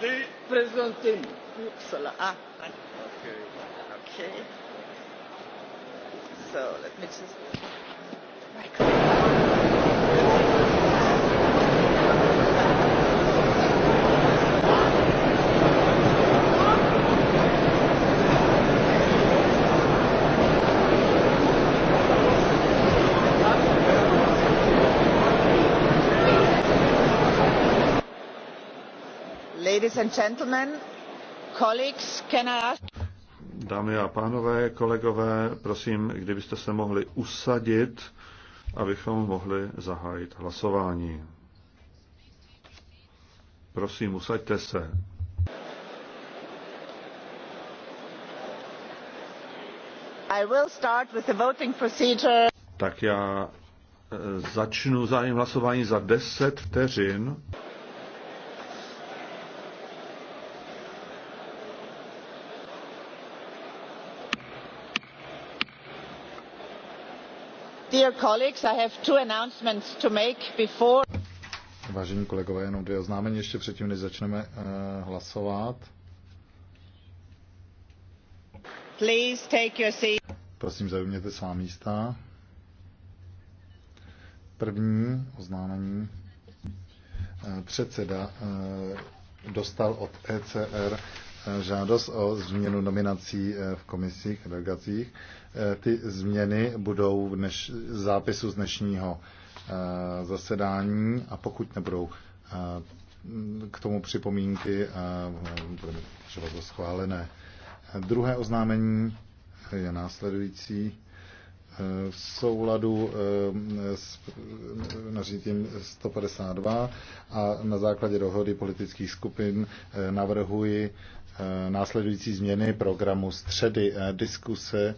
the presenting Uppsala. Ah, okay. Okay. So let me just. Dámy a pánové, kolegové, prosím, kdybyste se mohli usadit, abychom mohli zahájit hlasování. Prosím, usaďte se. I will start with the voting procedure. Tak já eh, začnu zájem hlasování za 10 vteřin. Vážení kolegové, jenom dvě oznámení ještě předtím, než začneme uh, hlasovat. Please take your seat. Prosím, zaujměte svá místa. První oznámení. Eh, předseda eh, dostal od ECR žádost o změnu nominací eh, v komisích, delegacích. Eh, ty změny budou v dneš, zápisu z dnešního eh, zasedání a pokud nebudou k tomu připomínky, budeme třeba to schválené. Druhé oznámení je následující. V souladu s nařízením 152 a na základě dohody politických skupin eh, navrhuji eh, následující změny programu středy eh, diskuse